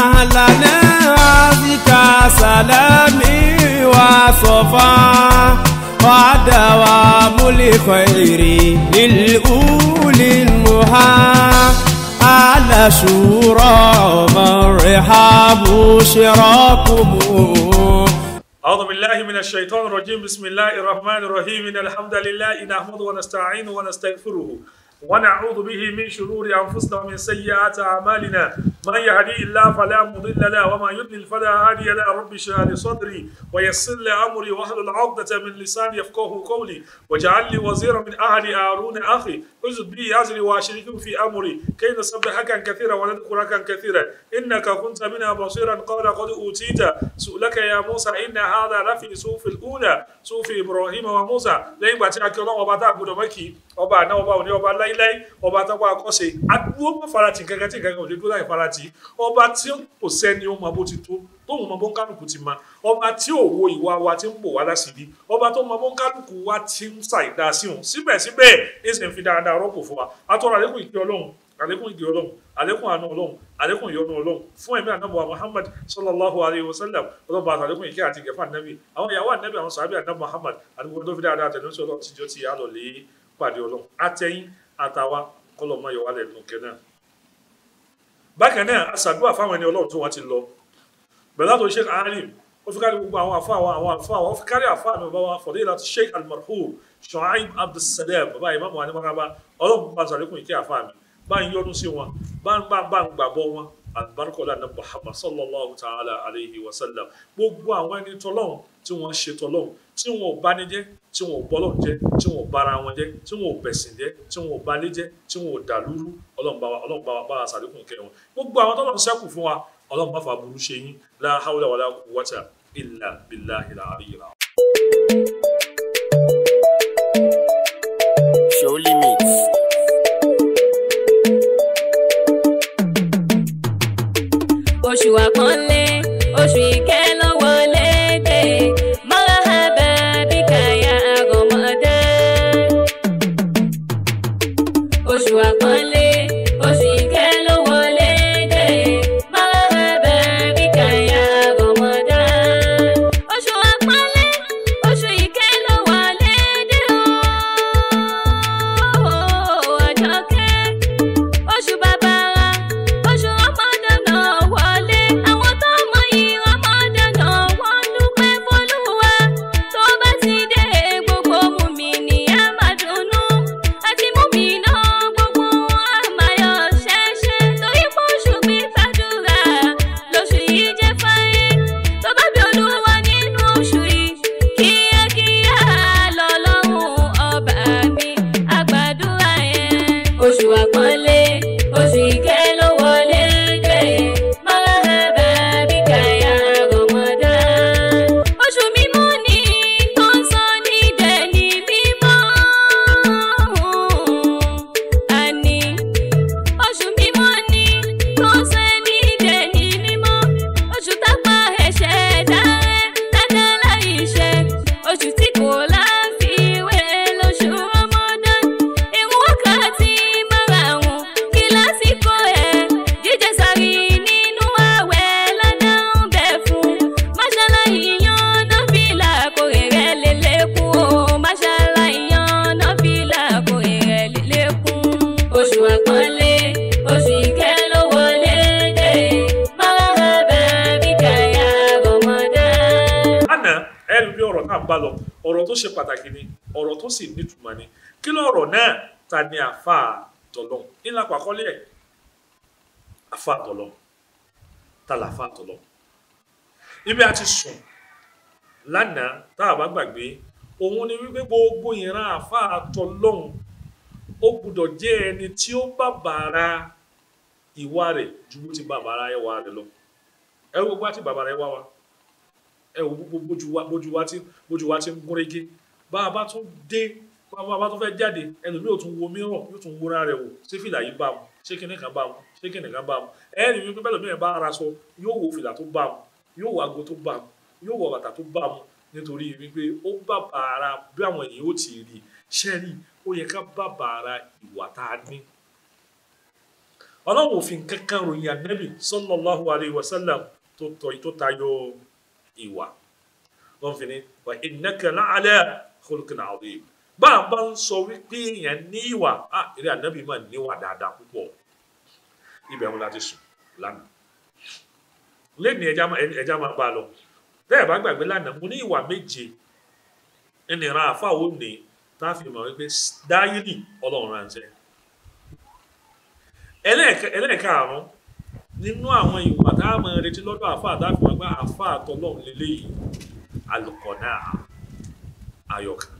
أهلا بك سلامي وصفا ودوام الخير للأولي المها على شورى مرحب شراكم أعوذ بالله من الشيطان الرجيم بسم الله الرحمن الرحيم إن الحمد لله نحمده ونستعينه ونستغفره ونعوذ به من شرور أنفسنا ومن سيئات أعمالنا من يهدي الله فلا مضل له وما يضلل فلا هادي له رب اشرح لي صدري ويسر لي أمري واحلل عقدة من لساني يفقهوا قولي واجعل لي وزيرا من أهل هارون أخي حزبي أجري وأشركه في أمري كي نسبحك كثيرا ونذكرك كثيرا إنك كنت منا بصيرا قال قد أوتيت سؤلك يا موسى إن هذا لفي صوف الأولى صوف إبراهيم وموسى لين باتي أكي الله وباتا أقول مكي ọba àná ọba òní ọba láíláí ọba tó wà kọ́sẹ̀ àdúgbò faratì kankan tí kankan ò lè dúró láì faratì ọba tí kò sẹ́ni ó mọ bó ti tó tóun mọ bọ́ńkálùkù ti ma ọba tí ò ìwà wa ti ń wá ọba tó mọ bọ́ńkálùkù wa ti ń ṣàìdá sí òun síbẹ̀síbẹ̀ ẹsẹ̀ ń fi dáadáa rọ́pò fún wa atọ́ra àlékún ìdí ọlọ́run àlékún ìdí ọlọ́run àlékún àánú ọlọ́run àlékún ìyọ́nú ọlọ́run fún ẹ̀mí ànábọ̀ muhammad sallallahu alayhi wa sallam ọlọ́ba àtàlékún ìkẹ́ àti ìgẹ̀fà nẹ́bí àwọn ìyàwó àwọn sàbí muhammad àdúgbò tó fi dáadáa ọlọ́run ti yà lọ lé pàdé ọlọ́run kọlọ̀ wálẹ̀ nù bákan bẹ̀rẹ̀ látọ̀ sheikh alim ó fi kárí gbogbo àwọn àfa àwọn àwọn àfa àwọn ó fi kárí àfa mi bàbá wa fọ̀dé láti sheikh almarhum shuaib abdulsalam bàbá imam wa ní maraba ọlọ́run bá sàlékún ìkẹ́ àfa mi bá ń yọdún sí wọn bá ń bá ń bá ń gbàgbọ́ wọn àbárkọ̀lá ní muhammad sallallahu ta'ala alayhi wa sallam gbogbo àwọn ẹni tọ́lọ́hún tí wọ́n ṣe tọ́lọ́hún tí wọn ò bá ní jẹ́ tí wọn bọ́lọ̀ jẹ́ tí wọn bára wọn jẹ́ tí wọn bẹ̀sìn jẹ́ tí wọn ò balẹ̀ jẹ́ tí wọn dàlúrú ọlọ́run bá bá wa sàlékún ìkẹ́ wọn gbogbo àwọn tọ́lọ́hún ṣẹ́kù fún wa ọlọ́run má fa burú ṣe yín la hawla wala quwwata illa billahi al-ali oṣù àpọ́nlé. náà ta ni àfáà tọlọ́hun ńlá pàkọ́lé ẹ̀ àfáà tọlọ́hun ta làfáà tọlọ́hun ibi àti sùn lánàá tá a bá gbàgbé òun ni wípé gbogbo ìran àfáà tọlọ́hun ó gbúdọ̀ jẹ́ ẹni tí ó bàbàrà ìwà rẹ̀ ju bó ti bàbàrà ẹwà rẹ̀ lọ ẹ wo gbogbo àti bàbàrà ẹwà wa ẹ wo gbogbo bójú wa ti ń gúnrégé bá a bá tún dé bàbá bá tún fẹ́ jáde ẹlòmíì ò tún wo mìíràn yóò tún wúra rẹ̀ wò ṣé fìlà yìí bá mu ṣé kíni kan bá mu ṣé kíni kan bá mu ẹ̀ẹ́nì wípé bẹ́ẹ̀ lómìnira bá ara sọ yóò wo fìlà tó bá mu yóò wo ago tó bá mu yóò wo bàtà tó bá mu nítorí wípé ó bá bàrà bí àwọn èèyàn ó ti rí ṣẹ́rí ó yẹ ká bá bàrà ìwà tá a ní. ọlọ́run òfin kankan ròyìn ànábì sallallahu alayhi wa sallam tó tọ́ tó tayọ ìwà lọ́nfìnni wa innaka la'ala khuluqin bá a bá ń sọ wípé èèyàn ní ìwà á eré ànábì máa níwà dáadáa púpọ̀ ibẹ̀ wọn láti sùn lánàá lẹ́nu ẹja máa bá a lọ bẹ́ẹ̀ bá gbàgbé lánàá mo ní ìwà méje ẹnìran àfáwò ní tá a fi mọ̀ wípé dáyìlì ọlọ́run ránṣẹ́ ẹlẹ́ẹ̀karùn nínú àwọn ìwà tá a máa retí lọ́dọ̀ àfáà tá a fi mọ̀ pé àfáà tọ́lọ́run lélẹ́yìí alùkọ̀nà ayọ̀kan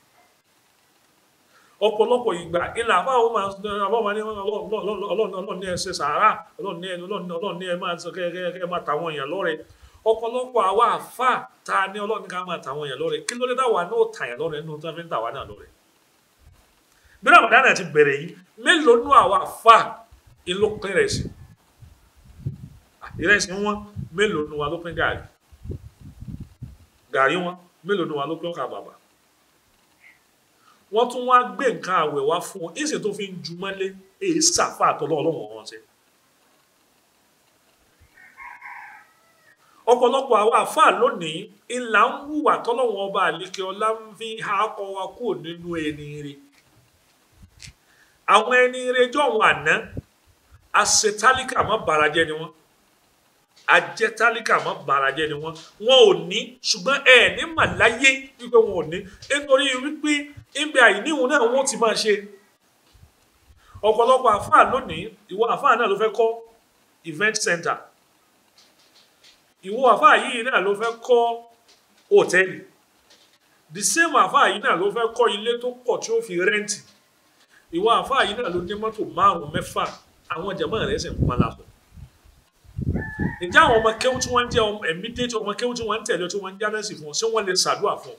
ọ̀pọ̀lọpọ̀ ìgbà ilà àbáwọ máa ń àbáwọ máa ní Ọlọ́run ní ẹsẹ sàárà Ọlọ́run ní ẹ máa kẹ máa tàwọn èèyàn lọ́rẹ ọ̀pọ̀lọpọ̀ àwa àfà ta ni Ọlọ́run ká máa tàwọn èèyàn lọ́rẹ kí ló dé táwa náà tàyàn lọ́rẹ nínú tí wọn fi ń tàwa náà lọ́rẹ. bí Ramadan náà ti bẹ̀rẹ̀ yìí mélòó nú àwa àfà ìlú pín rẹ̀ sí ìrẹsì wọn mélòó nú wa ló pín gàrí gàrí wọn mélòó nú wa ló pín ọkà bàbà wọ́n tún wá gbé nǹkan àwẹ̀ wá fún ọ èsì tó fi ń ju mọ́lé èyí sàfà àtọ́lọ́ọ̀lọ́wọ̀n wọn ṣe. ọ̀pọ̀lọpọ̀ àwọn àfáà lónìí ìlà ń hùwà tọ́lọ́wọ́n ọba àlékè ọlá ń fi akọ wa kúrò nínú ẹni rẹ̀ àwọn ẹni rẹ̀ jọ̀wọ́n àná àṣetálíkà mọ́ bàràjẹ́ ni wọ́n ajẹ́tálíkà mọ́ bàràjẹ́ ni wọ́n wọn ò ní ṣùgbọ́n ẹ ní màláyé wípé wọn ò ní nítorí wípé ibi àìníhun náà wọ́n ti máa ṣe ọ̀pọ̀lọpọ̀ àfáà lónìí ìwọ àfáà náà ló fẹ́ kọ́ event center ìwọ àfáà yìí náà ló fẹ́ kọ́ hòtẹ́ẹ̀lì the same àfáà yìí náà ló fẹ́ kọ́ ilé tó pọ̀ tí ó fi rẹ́ǹtì ìwọ àfáà yìí náà ló ní mọ́tò márùn-ún mẹ́fà àwọn jàmáà rẹ̀ sì ń palapọ̀ ǹjẹ́ àwọn ọmọ kéwú tí wọ́n ń jẹ́ dé tí ọmọ kéwú tí wọ́n ń tí wọ́n ń jábẹ́sì fún ọ ṣé wọ́n lè ṣàdúrà fún ọ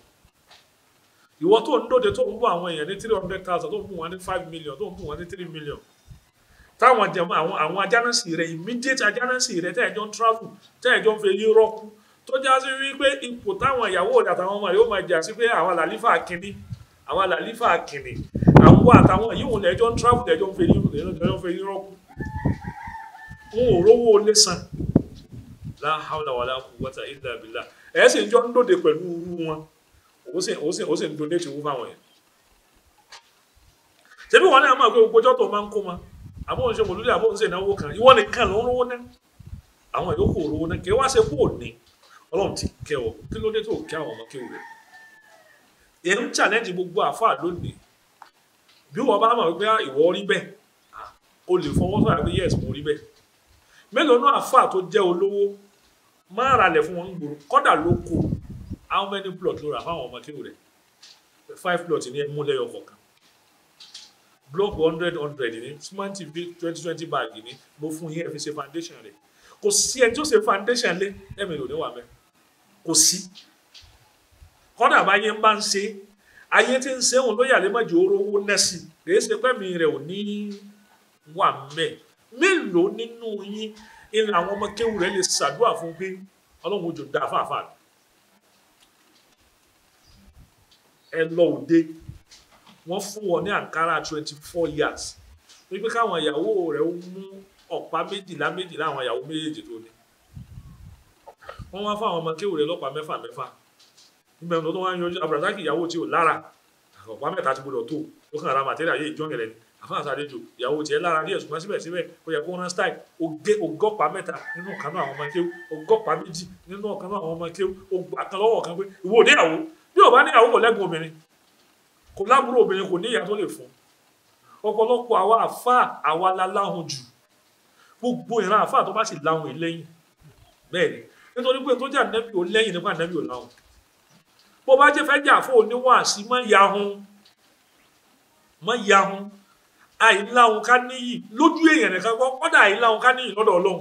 ìwọ tó ń dòde tó ń bú àwọn èèyàn ní three hundred thousand tó ń bú wọn ní five million tó ń bú wọn ní three million táwọn jẹmọ àwọn àwọn ajánásì rẹ immediate ajánásì rẹ tẹ́ ẹ ń travel tẹ́ ẹ ń fi eyín rọ́kú tó já sí wípé ipò táwọn ìyàwó rẹ àtàwọn ọmọ rẹ ó máa jà sí pé àwọn làlífà kínní àwọn làlífà kínní àwọn àtàwọn yìí wọn lẹjọ ń travel lẹjọ ń fi eyín rọ́kú wọn ò rówó lé la hawla wala quwwata illa billah ẹ̀ sì ń jọ ń dòde pẹ̀lú irú wọn ó sì ó sì ó sì ń donate owó fáwọn yẹn. ṣebí wọn náà máa gbé gbogbo ọjọ́ tó máa ń kó ma àbó ń ṣe mòlúdì àbó ń ṣe ìnáwó kan ìwọ nìkan ló ń rówó ná àwọn yòókù rówó ná kí wá ṣe kó ní ọlọ́run ti kẹ́ ọ kí ló dé tó kí àwọn ọmọ kéwù rẹ̀ ẹ̀ ń challenge gbogbo àfáà lónìí bí wọn bá mọ̀ pé ah, ìwọ rí bẹ́ẹ̀ ah, o lè fọwọ́ sọ̀rọ̀ pé yes mo rí bẹ́ẹ̀ mélòó náà àfáà tó jẹ́ olówó má ralẹ̀ fún wọn ń gbòòrò kọ́dà ló kó how many plot ló rà fáwọn ọmọ kéwù rẹ̀ five plot ní ẹmú lẹ́yọ kọ̀ọ̀kan block hundred hundred ní smart tv twenty twenty bag ní mo fún yín ẹ ṣe foundation rẹ̀ kò sí ẹni tó ṣe foundation lé ẹ̀mí lò níwà mẹ́ kò sí kọ́dà báyé ń bá ń ṣe ayé tí ń ṣe òun ló yàrá mọ́jú orówó nẹ́sì kì í ṣe pẹ́mi rẹ̀ ò ní wà mẹ́ mélòó nínú yín àwọn ọmọ kéwù rẹ̀ lè ṣàdúrà fún pé ọlọ́run òjò dá fáfá ẹ lọ òde wọ́n fún wọn ní àǹkárá twenty four years wípé káwọn ìyàwó rẹ̀ mú ọ̀pá méjìlá méjìlá àwọn ìyàwó méjèèjì tó ní wọ́n wá fún àwọn ọmọ kéwù rẹ̀ lọ́pàá mẹ́fà mẹ́fà nígbà tó wọ́n wá yanjú abdulrasaq ìyàwó tí ò lára ọ̀pá mẹ́ta ti gbọdọ̀ tó ó kàn ra màtẹ́rì ayé ìjọ́ngẹ̀rẹ̀ ni àfáàsì àlejò ìyàwó tiẹ̀ lára díẹ̀ ṣùgbọ́n síbẹ̀síbẹ̀ ó yẹ kó rán style ogé ogọ́pàá mẹ́ta nínú ọ̀kanú àwọn ọmọ kéwú ogọ́pàá méjì nínú ọ̀kanú àwọn ọmọ kéwú àtàn lọ́wọ́ kan pé ìwọ ò níyàwó bí ò bá níyàwó kò lẹ́gbọ̀n obìnrin kò lábúrò obìnrin kò níyà tó lè fún ọ̀pọ̀lọpọ̀ àwa àfáà àwa la láhùn jù gbogbo ìran àfáà tó bá sì láhùn ìlẹ́yìn bẹ́ẹ̀ nítorí pé tó jẹ́ ànẹ́bí ò lẹ́yìn àìláhùn ká níyì lójú èèyàn nìkan kọ́ kọ́dà àìláhùn ká níyì lọ́dọ̀ ọlọ́run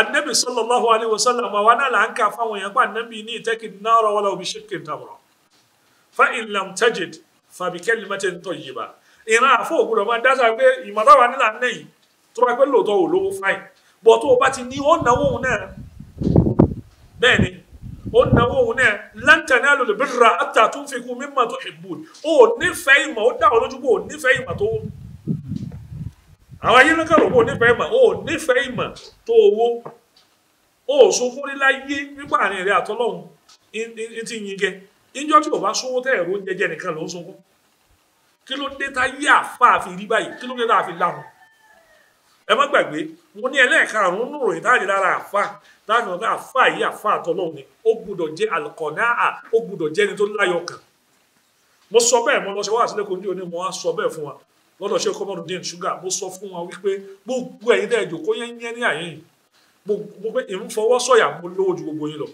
anabi sallallahu alayhi wa sallam àwa náà là ń kà fáwọn èèyàn pa anabi ní ìtẹ́kì náírà wala òbí ṣèkè tàbọ̀rọ̀ fa in lam tajid fa bi kalimatin tayyiba ìran àfọ ògbúdọ̀ máa dá sáà pé ìmọ̀tàwà nílà ń nẹ́yìn tó bá pẹ́ lóòótọ́ ò lówó fáìn bọ̀ tó o bá ti ní ó náwó òun náà bẹ́ẹ̀ ni ó náwó òun náà lan tanalul birra hatta tunfiqu mimma tuhibbun ó nífẹ̀ẹ́ ìmọ̀ ó dá lójú pé ó nífẹ̀ẹ́ ìmọ̀ tó àwọn ayé lọ́kàn rò pé o nífẹ̀ẹ́ ìmọ̀ o nífẹ̀ẹ́ ìmọ̀ tó owó o sunkún ní láyé nípa àárín rẹ àtọlọ́hún ní ti yin jẹ níjọ́ tí o bá sówó tẹ̀ ẹ̀rọ jẹjẹ nìkan ló ń sunkún kí ló dé tá yé àfa àfi rí báyìí kí ló dé tá a fi láhùn ẹ má gbàgbé mo ní ẹlẹ́ẹ̀karùn-ún nù ròyìn táàdì lára àfa táàdì lára àfa yìí àfa àtọlọ́hún ni ó gbúdọ̀ jẹ́ àlùkọ̀nà ó gbúdọ̀ jẹ́ ẹni tó láyọ̀ kàn mo sọ bẹ́ẹ̀ mo lọ ṣe wá àtìlẹ́kọ̀ọ́ ní oní mo sọ bẹ́ẹ̀ fún wa lọ́dọ̀ ṣe kọ́mọ́dún dín ṣúgà mo sọ fún wọn wípé gbogbo ẹ̀yin dẹ́ ẹ̀jọ̀ kó yẹn yẹn ní àyẹ̀yìn mo pé ìmúfọwọ́sọ̀yà mo lówó ju gbogbo yín lọ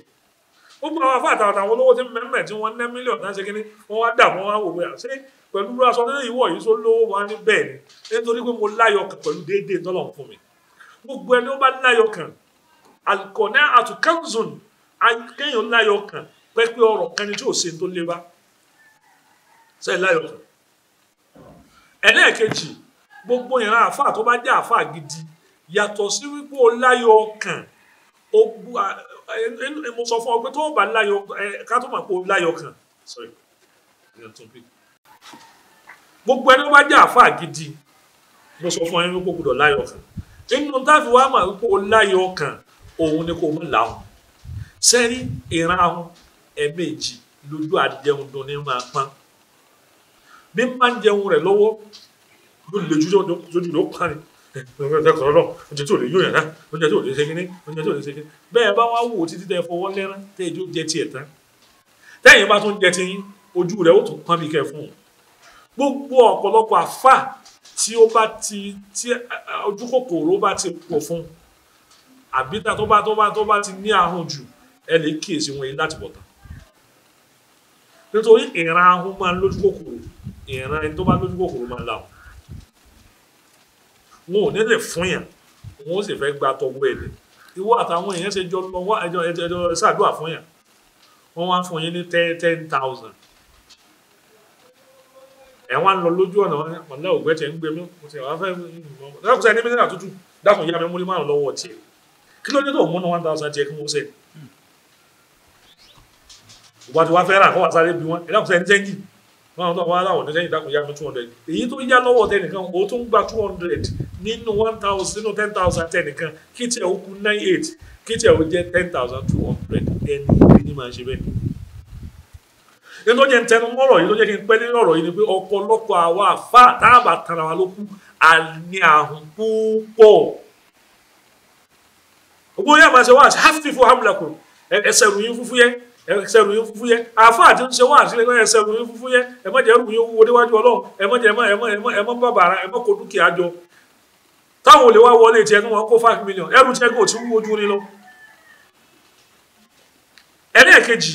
ó gbọ́dọ̀ wá fàtà àtàwọn olówó tí mẹ́mẹ́ tí wọ́n ná mílíọ̀nù náà ṣe kí ni wọ́n wá dà wọ́n wá wò bóyá ṣé pẹ̀lú aṣọ nínú ìwọ yìí tó lówó wọn ní bẹ́ẹ̀ ni nítorí pé mo láyọ̀ kan pẹ̀lú déédéé tọ́lọ̀ fún mi gbogbo ẹni ó bá láyọ̀ kan àkọ́nẹ́ àtúkẹ́zùn kéèyàn láyọ̀ kan pẹ́pẹ́ ọ̀rọ̀ kan ni tí ò ṣe tó lé wa ṣe láyọ̀ kan ẹlẹ́ẹ̀kejì gbogbo ìran àáfàá tó bá jẹ́ àáfàá gidi yàtọ̀ sí wípé o láyọ̀ ọkàn mo sọ fún ọ pé tó o bá láyọ̀ ká tó mọ̀ pé o láyọ̀ ọkàn gbogbo ẹni tó bá jẹ́ àáfàá gidi mo sọ fún ọ wípé o gbọ́dọ̀ láyọ̀ ọkàn nínú táàfin wa mọ̀ wípé o láyọ̀ ọkàn òun ni kò mú làwọn sẹ́rí ìran àwọn lójú àjẹun dùn ní máa pọ́n bí n bá ń jẹun rẹ̀ lọ́wọ́ yóò lè ju sójú ló pa ni ẹ̀kọ́ lọ oúnjẹ tí ò lè yóyàn náà oúnjẹ tí ò lè ṣe kíní oúnjẹ tí ò lè ṣe kíní bẹ́ẹ̀ bá wá wò títí tẹ fọwọ́ lẹ́rán tẹ ẹjọ́ jẹ tiẹ̀ tán tẹ́yìn bá tún jẹ ti yín ojú rẹ̀ ó tún pọ́n bí kẹ́ fún un gbogbo ọ̀pọ̀lọpọ̀ àfà tí ó bá ti tí ojú kòkòrò bá ti pọ̀ fún un àbí tá tó bá tó bá tó bá ti ní ahun jù ẹ lè kíyèsí wọn yìí láti bọ̀ tán nítorí ìran ahun máa ń lójú kòkòrò ìran ẹni tó bá lójú kòkòrò máa la o wọn ò ní fún yàn wọn ó sì fẹ́ gba tọwọ́ ẹ̀ lẹ̀ ìwọ àtàwọn èèyàn ṣe jọ lọ wá ẹjọ ẹjọ ṣàdúrà fún yàn wọn wá fún yín ní ten ten thousand ẹ wá ń lọ lójú ọ̀nà ọ̀nà ògbẹ́ tẹ̀ ń gbé mi mo ti wá fẹ́ dákun sẹ́ni mílíọ̀nù àtútù dákun yá mi múlí márùn lọ́wọ́ tiẹ̀ kí ló dé tó múnú one thousand tiẹ̀ kí mo ṣe ìwà tí wàá fẹ́ rà kó wàá sáré bí wọn ẹ dákun sẹ́ni sẹ́ńjì wọn àwọn àwọn aláwọ̀ nìṣẹ́ ìdákùn yá mi two hundred èyí tó yá lọ́wọ́ tẹnìkan o tún gba two hundred nínú one thousand nínú ten thousand tẹnìkan kí tiẹ̀ ó kú nine eight kí tiẹ̀ ó jẹ́ ten thousand two hundred ẹni ìwé ni màá ṣe bẹ́ẹ̀ ni. nínú jẹ́ ntẹnu ọ̀rọ̀ yìí ló jẹ́ kí n pẹ́ nínú ọ̀rọ̀ yìí ni pé ọ̀pọ̀lọpọ̀ àwa àfa táàbà tara wa ló kú àní àhùn púpọ̀. ògbóyè àmàṣe wá àti half people hamlakun ẹsẹ̀ ìròyìn fúnfún yẹn ẹsẹrù yín fúfú yẹ àáfàá àti ṣe wọn àṣìlẹ ẹsẹrù yín fúfú yẹ ẹ má jẹ́ ẹrù yín wúwo déwájú Ọlọ́run ẹ má jẹ́ ẹ má ẹ má ẹ má ẹ má bàbà ara ẹ má kó dúkìá jọ táwọn olè wá wọlé tiẹ̀ kí wọn kó five million ẹrù tiẹ̀ kò tí ń wojú ni lọ. ẹlẹ́ẹ̀kejì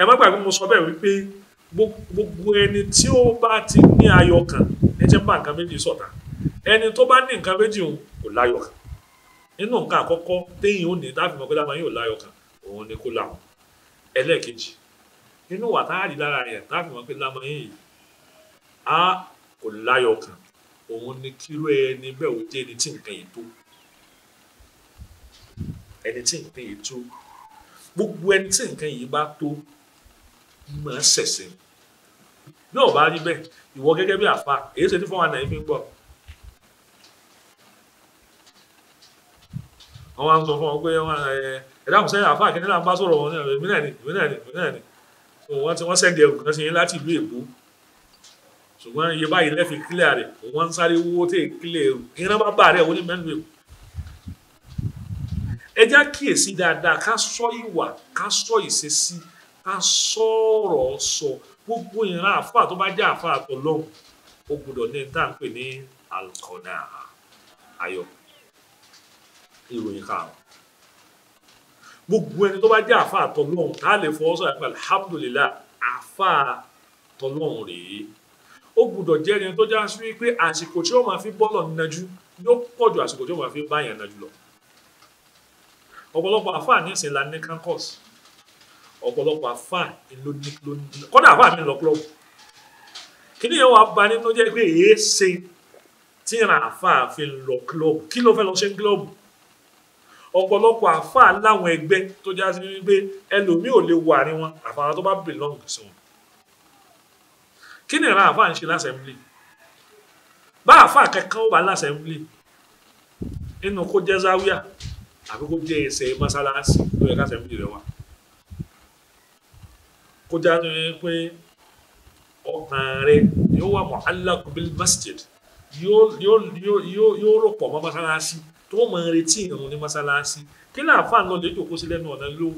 ẹ má gbàgbé mo sọ bẹ́ẹ̀ wípé gbogbo ẹni tí ó bá ti ní ayọ̀ kan ẹ jẹ́ bá nǹkan méjì sọ̀tà ẹni tó bá ní nǹkan méjì òun kò láyọ̀ kan nínú nǹkan àkọ́kọ́ téyìn ò ní dáàbò mọ́ pé dáàbò yóò láyọ̀ kan òun ni kó láwọn ẹlẹ́ẹ̀kejì nínú wà tá lára rẹ̀ tá a pé lámọ̀yìn yìí a kò láyọ̀ kan òun ni kíró ẹni bẹ́ẹ̀ ò jẹ́ ẹni tí nǹkan yìí tó ẹni tí nǹkan yìí tó gbogbo ẹni tí nǹkan yìí bá tó máa ṣẹ̀ṣẹ̀ bí ọba rí bẹ́ẹ̀ ìwọ gẹ́gẹ́ bí àfa èyí ṣe ní fún wa náà fi ń gbọ́ wọ́n wá ń sọ fún ọ pé wọ́n ẹ ẹ̀dá kò sẹ́yìn àfáà kìnìún náà bá sọ̀rọ̀ wọn èmi náà ni èmi náà ni èmi náà ni wọ́n ti wọ́n sẹ́ndì ẹ̀rù kan sí yín láti ìlú èkó ṣùgbọ́n iye báyìí lẹ́fì kílẹ̀ rẹ̀ wọ́n ń sáré owó tẹ̀ kílẹ̀ ẹ̀rù kìnìún náà bá bá rẹ̀ wọ́n ní mẹ́nu èkó. ẹ já kíyèsí dáadáa ká sọ ìwà ká sọ ìṣesí ká sọ̀rọ̀ sọ gbogbo ìran àfáà tó bá jẹ́ àfáà tó lọ́hùn ó gbọdọ̀ ní tá à ń pè ní alkọ̀nà ayọ̀ ìròyìn karùn-ún gbogbo ẹni tó bá jẹ́ àfa àtọlọ́hún tá a lè fọwọ́ sọ̀rọ̀ pé alhamdulilah àfa àtọlọ́hún rèé ó gbúdọ̀ jẹ́ ẹni tó já sí wípé àsìkò tí ó máa fi bọ́lọ̀ nájú yóò pọ̀ ju àsìkò tí ó máa fi báyàn nájú lọ ọ̀pọ̀lọpọ̀ àfa nísìn la ní kankos ọ̀pọ̀lọpọ̀ àfa ló ní ló ní kọ́dà àfa mi lọ klọ́ọ̀bù kí ni wàá ba nínú jẹ́ pé èé ṣe tíran àfa fi lọ klọ́ọ̀bù kí ló fẹ́ lọ ṣe ń ọ̀pọ̀lọpọ̀ àfáà láwọn ẹgbẹ́ tó já sí wípé ẹlòmíì ò lè wọ àárín wọn àfàwọn tó bá belong sí wọn kí ni ìran àfáà ń ṣe lásẹ̀mílì bá àfáà kankan ó bá lásẹ̀mílì nínú kó jẹ́ záwíà àbí kó jẹ́ ẹsẹ̀ mọ́sálásí ló yẹ kásẹ̀mílì rẹ wà kó já sí pé ọkàn rẹ yóò wà mọ́ alákùnbí masjid yóò rò pọ̀ mọ́ mọ́sálásí tó mọ retí ìrun ní mọ́ṣáláṣí kí láàfáà náà lè jòkó sí lẹ́nu ọ̀nà ló.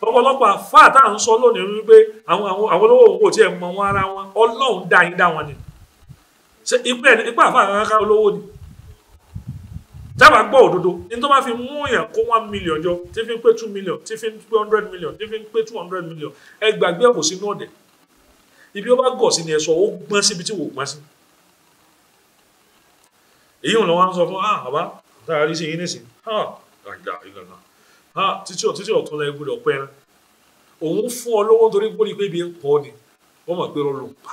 ọ̀pọ̀lọpọ̀ àfáà tá à ń sọ lónìí wípé àwọn àwọn olówó òun kò tiẹ̀ mọ wọn ara wọn ọlọ́run dá yín dá wọn ni ṣe ipa ẹni ipa àfáà kan ká olówó ni dábàá gbọ́ òdodo ní tó bá fi mú èèyàn kó one million jọ tí fi ń pé two million tí fi ń pé hundred million tí fi ń pé two hundred million ẹ gbàgbé ọ̀pọ̀ sínú ọ̀dẹ̀ ibi ó bá gọ̀ sí ni ẹ sọ ó gbọ́n síbi tí wò ó gbọ́n sí èyí ò lọ wá ń sọ fún ah bàbá tára rí sí yín nísìn ah àyà ìgbàgbà ah títí títí ọ̀tún lẹ gbọ́dọ̀ pẹ́ ẹ òun fún ọ lọ́wọ́ torí gbọ́dí pé ibi ń pọ̀ ni wọ́n mọ̀ pé ó ló ń pa.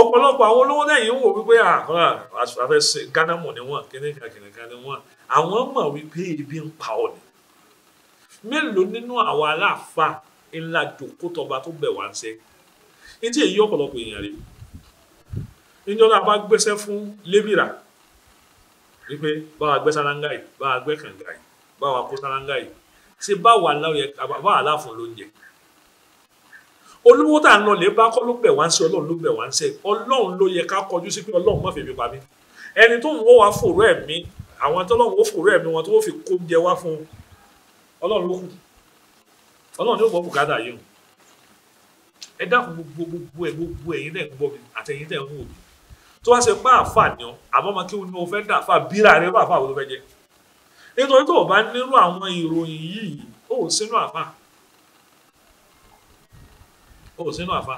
ọ̀pọ̀lọpọ̀ àwọn olówó lẹ́yìn wò wípé ah, àwọn afẹ́ ghana mọ̀ ni wọ́n kìnìkan kìnìkan ni wọ́n àwọn mọ̀ wípé ibi ń pa ọ ni mélòó nínú àwọn aláàfáà ńlá jòkó tọba tó bẹ̀ wá ń sẹ́ etí èyí ọ̀pọ̀lọpọ̀ èèyàn rèé níjọ́ náà bá gbéṣẹ́ fún lébìrà wípé báwa gbé sálángà yìí báwa gbé kànga yìí báwa kó sálángà yìí ṣe báwa láwùjẹ báwa láàfún lóúnjẹ olówó tá à ń lọ lè bá kọ́ ló bẹ̀ wá ń ṣe ọlọ́run ló bẹ̀ wá ń ṣe ọlọ́run ló yẹ ká kọjú sí pé ọlọ́run má fèmí pa mí ẹni tó ń wọ́ wá fòró ẹ̀mí àwọn tọ́lọ́run ó fòró ẹ̀mí wọn tó fi kó oúnjẹ wá fún ọlọ́run ló kù ọlọ́run yóò gbọ́ bùkátà yìí ẹ dákun gbogbo gbogbo ẹ gbogbo ẹ̀yin náà ń gbọ́ mi àtẹ̀yin náà ń wò mí tó wá ṣe pá àfà ni ọ àmọ́ ọmọ kí ni o fẹ́ dàfà bíra rẹ bá àfà wo ló fẹ́ jẹ nítorí tó o bá nírú àwọn ìròyìn yìí ó sínú àfà ó sínú àfà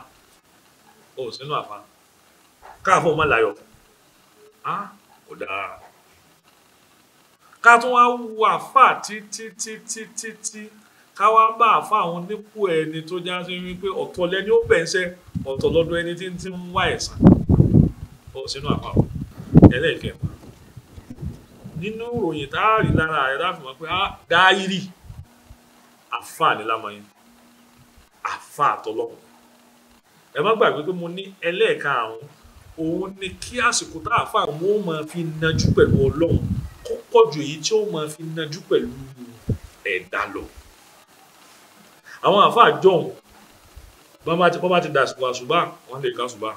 ó sínú àfà káàfọ̀ ọmọ làyọ̀ á kò dáa ká tún wá wo àfà títí títí títí ká wá bá àfà àwọn nípò ẹni tó já sí wípé ọ̀tọ̀ lẹni ó bẹ̀ ń ṣe ọ̀tọ̀ lọ́dọ̀ ẹni tí ń wá ẹ̀san bọ́ sínú àpapọ̀ ẹlẹ́ẹ̀kẹfà nínú ìròyìn tá a rí lára rẹ láti mọ̀ pé a ah, dáírì àfà ní lámọyìn àfà àtọlọ́wọ́ ẹ má gbàgbé pé mo ní ẹlẹ́ẹ̀ka àrùn òun ni kí àsìkò tá a fà mo máa fi najú pẹ̀lú ọlọ́run kó pọ̀ ju èyí tí ó máa fi najú pẹ̀lú ẹ̀dá lọ àwọn àfà àjọhùn bọ́n bá ti dà ṣùgbọ́n ṣùgbọ́n wọ́n lè ká ṣùgbọ́n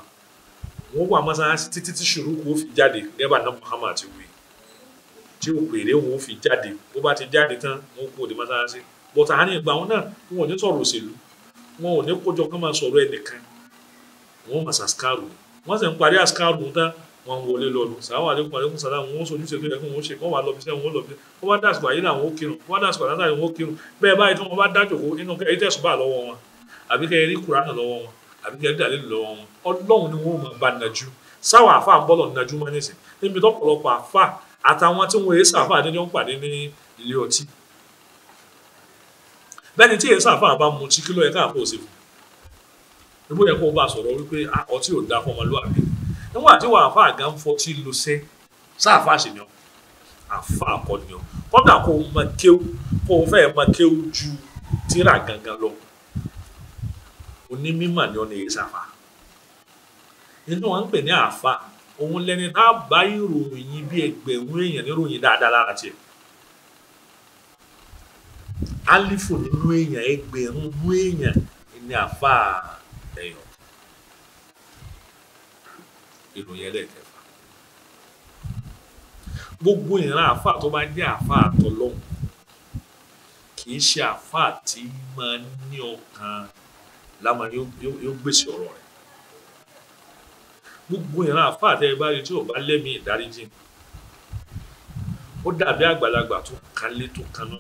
wọ́n wà mọ́sálásí títí tí ṣùrùkù ó fi jáde gẹ́gbà náà Muhammad ti wí tí òpèrè wọn ó fi jáde bó bá ti jáde tán wọn kó òde mọ́sálásí bọ̀tà á ní ìgbà wọn náà wọn ò ní sọ̀rọ̀ òṣèlú wọn ò ní kójọ kán máa sọ̀rọ̀ ẹnìkan wọn mà sàskárù wọn sì ń parí àskárù tán wọn wọlé lọlù sàwọn àlékún àlékún sàdá wọn ó sojú ṣètò ẹkún wọn ó ṣe wọn wà lọ bíṣẹ wọn ó lọ bíṣẹ wọn bá dàsùkò àyè làwọn ó kírun wọn bá dàsùkò àdáta yìí wọn ó kírun bẹ́ẹ̀ báyìí tí wọn bá dájòkó inú kẹ ẹ tẹsùn bá wọn àbí kẹ ẹ rí kùránà lọ́wọ́ wọn àbí kí ẹ̀dá lè lọ ọlọ́run ni wọ́n máa bá najú sáwọn àfa ń bọ́lọ̀ najú mọ́ nísìn níbi tọ́pọ̀lọpọ̀ àfa àtàwọn tí wọ́n èsà àfa àdéjọ́ ń pàdé ní ilé ọtí bẹ́ẹ̀ni tí èsà àfa àbá mu tí kí ló yẹ káàpọ̀ òsè fún ìbú yẹ kó bá sọ̀rọ̀ wípé ọtí ò da fún ọmọlúwàbí níwọ̀n àti wọ́n àfa àgá ń fọtí lu sẹ́ sáàfà àṣèyàn àfa àkọ́niyàn kọ́dà kó onímímọ̀ ni ó ní ìsàfà nínú wọn ń pè ní àfa òun lẹni tá a bá ìròyìn bí ẹgbẹ̀rún èèyàn níròyìn dáadáa lára tiẹ̀ alifu nínú èèyàn ẹgbẹ̀rún nínú èèyàn ní àfa ẹ̀yọ ìròyìn ẹlẹ́ẹ̀kẹfà gbogbo ìran àfa tó bá jẹ́ àfa àtọlọ́hún kì í ṣe àfa tí máa ń ní ọkàn lámà yóò gbèsè ọ̀rọ̀ rẹ̀ gbogbo ìran àfa àtẹ̀yẹ bá rí tí ò bá lẹ́mí ìdáríjì ó dàbí àgbàlagbà tó kálé tó kaná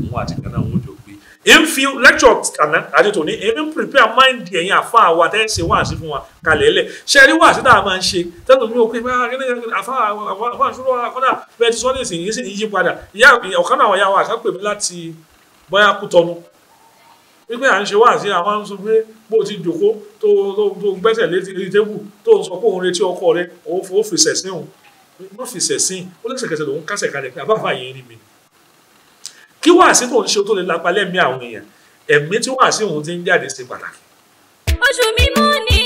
òun àti kaná òun jọ gbé èmi fi lecture kàná àti tòní èmi ń prepare mind ẹ̀yìn àfa àwa tẹ́ ẹ ṣe wáàsí fún wa kalẹ̀ ẹlẹ̀ ṣe rí wáàsí tá a máa ń ṣe tẹ́lẹ̀ mi ò pé bá kíní àfa àfa àṣúrò àkọ́dà bẹ́ẹ̀ ti sọ́ọ́ ní ìsìn yìí sì ń yí padà ọ̀kan náà àwọn yà wá àkàpè mi láti bóyá kú tọ́nu wípé à ń ṣe wáàsí àwọn ń sọ pé bó ti jòkó tó tó gbẹ́sẹ̀ létí tébù tó ń sọ pé òun retí ọkọ rẹ ó fi sẹ̀sìn òun wọ́n fi sẹ̀sìn ó lẹ́sẹ̀kẹsẹ̀ lòun kásẹ̀ kalẹ̀ pé àbáfà yẹn rí mi. kí wáàsí tó ń ṣe tó lè lapa lẹ́mí àwọn èèyàn ẹ̀mí tí wáàsí òun ti ń jáde ṣe pàtàkì. oṣù mímọ́ ni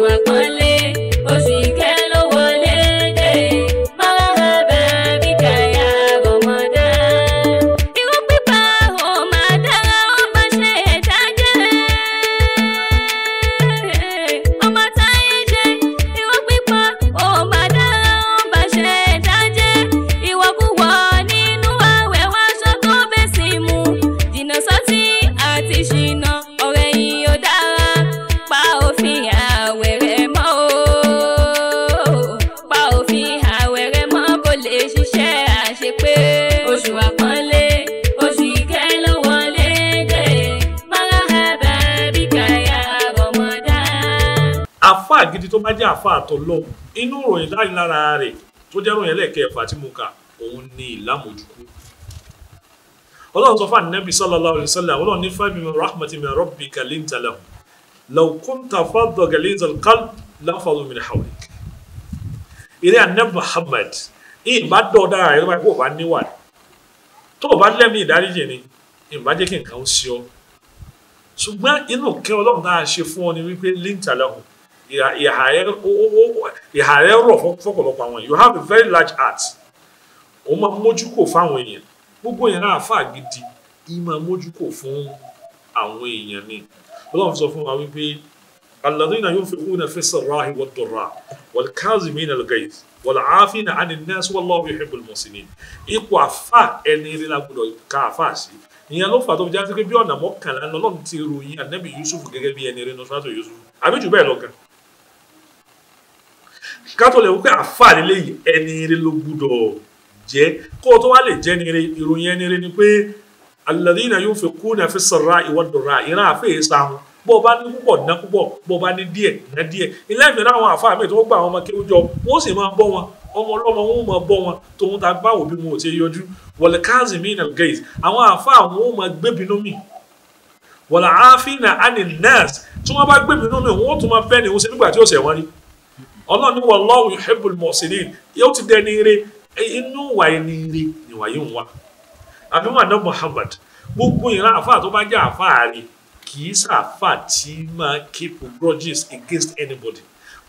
wa wale àfa àtọlọ inú ìròyìn láì lára rẹ̀ tó jẹ́ ròyìn ẹlẹ́ẹ̀kẹfà tí mo kà òun ni ìlàmójúkú ọlọ́run sọ fún anabi sallallahu alayhi wa sallam ọlọ́run ní fẹ́mi rahmat mi rọ́bì kàlíntàlá law kunta fadda galizal qalb láfàlú min hawlik ìrẹ́ anabi muhammad ìbá dọ̀ọ́dá rẹ̀ ló bá níwà tó o bá lẹ́mí ìdáríjì ni ìbá jẹ́ kí nǹkan ó ṣe ọ́ ṣùgbọ́n inú kẹ́ ọlọ́run náà ṣe fún ọ ni wípé líntàlá hù ìhà rọ̀ fọ́pọ̀lọpọ̀ àwọn you have a very large heart òun máa mójú kò fáwọn èèyàn gbogbo èèyàn náà fà gidi ìyẹn máa mójú kò fún àwọn èèyàn ni ọlọ́run sọ fún wa wípé alladhina yunfiquna fi sarrahi wad darra wal kazimina al-ghayz wal afina 'anin nas wallahu yuhibbul muhsinin ipò àfà ẹni rí lágbọ́dọ̀ ká àfà sí ìyẹn ló fà tó fi jáde pé bí ọ̀nà mọ́kànlá ọlọ́run ti ròyìn ànábì Yusuf gẹ́gẹ́ bí ẹni rí nọ́sọ́tò Yusuf àbí jù bẹ́ẹ̀ lọ gan kátó lè wípé àǹfààní lè yí ẹni eré ló gbúdọ̀ jẹ́ kó o tó wá lè jẹ́ nire ìròyìn ẹni eré ni pé alladhina yunfiquna fi sarra'i wad-dharra'i ìran àfẹ́yẹ sáwọn bó o bá ní púpọ̀ ná púpọ̀ bó o bá ní díẹ̀ ná díẹ̀ ilé ìfẹ́ náà àwọn àfáà mi tó gba àwọn ọmọ kéwú jọ wọ́n sì máa bọ́ wọn ọmọ ọlọ́mọ wọn ò máa bọ́ wọn tòun ta báwo bí wọn ò ti yọjú wal kaazimina al-ghayz àwọn àfáà wọn ò máa gbébinú mi wal aafina 'ani n-naas tí wọ́n bá gbébinú mi wọ́n tún máa fẹ́ ni wọ́n ṣe nígbà tí ó ṣẹ̀ wọ́n rí ọlọ́run ní wallahu yuhibbul muhsinin yóò ti dẹni ire inú ìwà ẹni ire ìwà yìí ń wà àbí wọn àná Muhammad gbogbo ìran àfáà tó bá jẹ́ àfáà rí kì í sàfáà tí máa keep grudges against anybody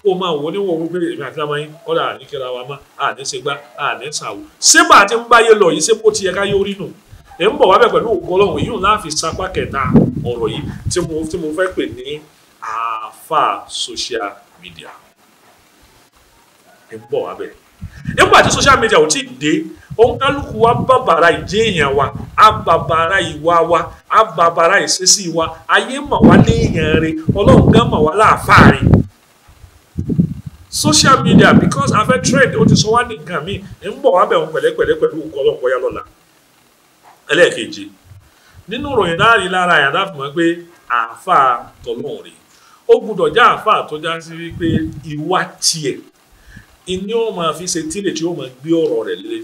ó máa wọ níwọ̀n wípé èmi àti lámọ́ yín ọ̀dà àníkẹ́ra wa má àní ṣe gbá àní ṣàwò sébà àti ń báyé lọ yìí sébò ti yẹ ká yóò rí nù ẹ̀ ń bọ̀ wá bẹ̀ pẹ̀lú òkú ọlọ́run yìí ń láàfi sapá kẹta ọ̀rọ̀ yìí tí mo fẹ́ pè ní àáfà social media ẹ̀ ń bọ̀ wá bẹ̀. nígbà tí social media ò tí ì dé òun kálukú wa bàbàrà ìdí èèyàn wa á bàbàrà ìwà wa á bàbàrà ìṣesí wa ayé mọ̀ wá ní èèyàn rẹ̀ ọlọ́run gan mọ̀ wá láàfáà rẹ̀ social media because afẹ́ trend ó ti sọ wá ní nǹkan mi ń bọ̀ wá bẹ̀ òun pẹ̀lẹ́pẹ̀lẹ́ pẹ̀lú òkú ọlọ́pọ̀ yá lọ́la ẹlẹ́ẹ̀kejì nínú ìròyìn láàrin lára àyàn láti mọ̀ pé àáfàá tọ́lọ́run rèé ó gbúdọ̀ já àáfàá tó já sí wípé ìwà tiẹ̀ Ni ó máa fi ṣe tílé tí ó máa gbé ọ̀rọ̀ rẹ̀ lé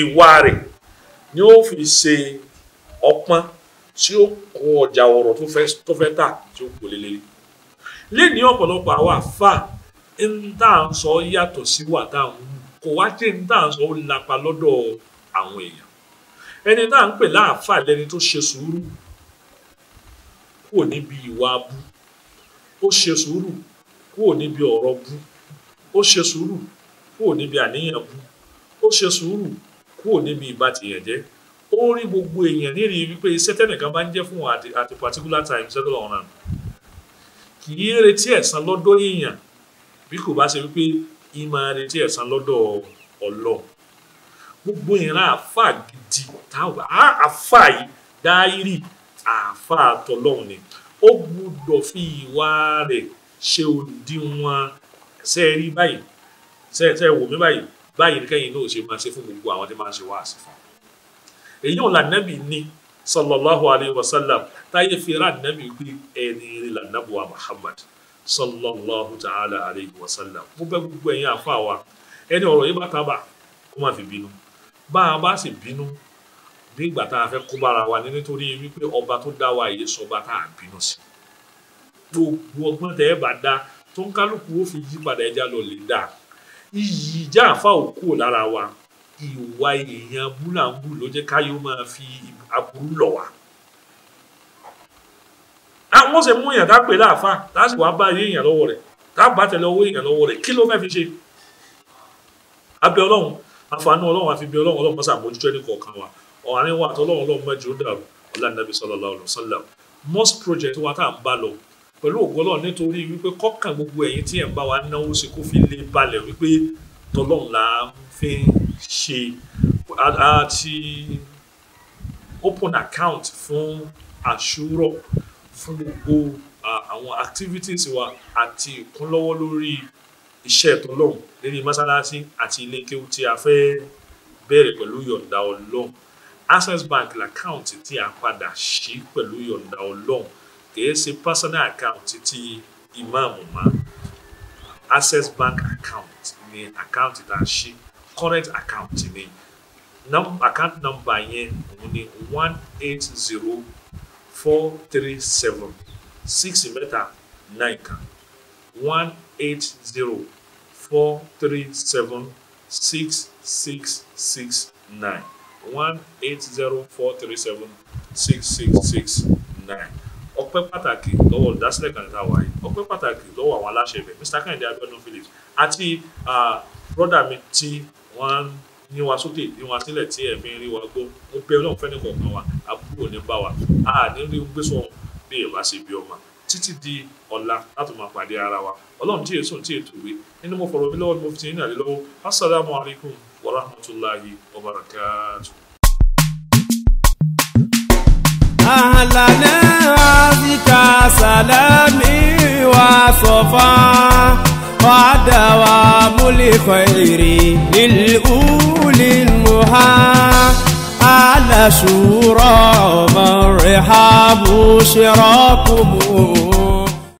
ìwà rẹ̀ ni ó fi ṣe ọpọ́n tí ó kó ọjà ọ̀rọ̀ tó fẹ́ tà tí ó kó lélẹ́lẹ́ lẹ́ni ọ̀pọ̀lọpọ̀ àwọn àfà ń tà ń sọ yàtọ̀ sí wà tá à ń wù kò wá jẹ́ ń tà ń sọ ó lapa lọ́dọ̀ àwọn èèyàn ẹni náà ń pè láàfà lẹni tó ṣe sùúrù kúrò níbi ìwà abú ó ṣe sùúrù kúrò níbi ọ̀rọ̀ bú ó ṣe sùúrù kúrò níbi àníyàn bú ó ṣe sùúrù kúrò níbi ìbá tìyàn jẹ́ ó rí gbogbo èèyàn nírì wípé iṣẹ́ tẹ́nìkan bá ń jẹ́ fún àti àti particular time iṣẹ́ tó lọ ọ̀ràn kì í retí ẹ̀san lọ́dọ̀ èèyàn bí kò bá ṣe wípé ì máa retí ẹ̀san lọ́dọ̀ ọlọ́ọ̀ gbogbo ìran àáfàá gidi táwọn àáfàá yìí dáírì àáfàá tọlọ́run ni ó gbúdọ̀ fi ìwà rẹ̀ ṣe olùdíwọ̀n ṣe rí báyìí ṣe wò mí báyìí báyìí kẹ́yìn náà ṣe máa ṣe fún gbogbo àwọn tí máa ṣe wá àṣìfà èyí ò lànàbì ni sallallahu alayhi wa sallam táyé fi rà nàbì ẹni rí lànàbùwà Muhammad sallallahu ta'ala alayhi wa sallam mo bẹ̀ gbogbo ẹ̀yin àfa wa ẹni ọ̀rọ̀ yìí bá tábà kó má fi bínú bá a bá sì bínú nígbà tá a fẹ́ kó bára wa ní nítorí wípé ọba tó dá wa yìí sọba tá a bínú sí i gbogbo ọgbọ́n tẹ́ ẹ bá dá tó ń kálukú ó fi yí padà ẹja lọ lè dà iyì ìjà àfa òkú lára wa ìwà èèyàn búlàǹbù ló jẹ́ káyọ̀ máa fi aburú lọ̀ wá. àwọn ṣe mú èèyàn dápè láàfà láti wàá bá èèyàn lọ́wọ́ rẹ̀ dábà tẹ̀lé owó èèyàn lọ́wọ́ rẹ̀ kí ló fẹ́ fi ṣe. abẹ ọlọ́run àfààní ọlọ́run àfi bí ọlọ́run ọlọ́run mọ́sá àmójútó ẹni kọ̀ọ̀kan wa ọ̀hánìwá àtọ́lọ́run ọlọ́run mẹ́jọ dàrú ọ̀làǹdàbí sallallahu alaihi wasallam most project wa tá à ń pẹ̀lú ògbọ́lọ̀ nítorí wípé kọ́kàn gbogbo ẹ̀yin tí ẹ̀ ń bá wa náwó sí kó fi lè balẹ̀ wípé tọlọ́run là ń fi ṣe a open account fún àṣúrọ̀ fún gbogbo àwọn activities wa àti ìkúnlọ́wọ́ lórí iṣẹ́ tọlọ́run lórí mọ́sálásí àti ilé kéwú tí a fẹ́ bẹ̀rẹ̀ pẹ̀lú yọ̀ǹda ọlọ́run access bank l'account tí a padà ṣí pẹ̀lú yọ̀ǹda ọlọ́run kìí ṣe personal account ti ìmáàmù mọ́ access bank account ni account tá a ṣí current account ni num account number yẹn òun ni one eight zero four three seven six mẹ́ta nine kan one eight zero four three seven six six six nine one eight zero four three seven six six six nine ọpẹ́ pàtàkì lọ́wọ́ olùdásílẹ̀ kan níta wáyé ọpẹ́ pàtàkì lọ́wọ́ àwọn aláṣẹ ibẹ̀ mr kẹ́hìndé abíọ́dún phillips àti brọ́dà mi tí wọ́n ní wa sókè ní wa sílẹ̀ tí ẹ̀mí rí wa gbó ó bẹ ọlọ́run fẹ́ni kọ̀ọ̀kan wa àbúrò ní bá wa a ní rí gbé sọ̀hún bí èèbá ṣe bí ọmọ títí di ọ̀la láti máa pàdé ara wa ọlọ́run tí èso tí ètò ìwé nínú mo fọ̀rọ̀ mi lọ́wọ́ ni mo fi ti ní àlè lọ́wọ́ assalamu alaikum warahmatullahi wabarakatuh. أهلا بك سلامي وصفا ودوام الخير للأولي المها على شورى مرحب شراكم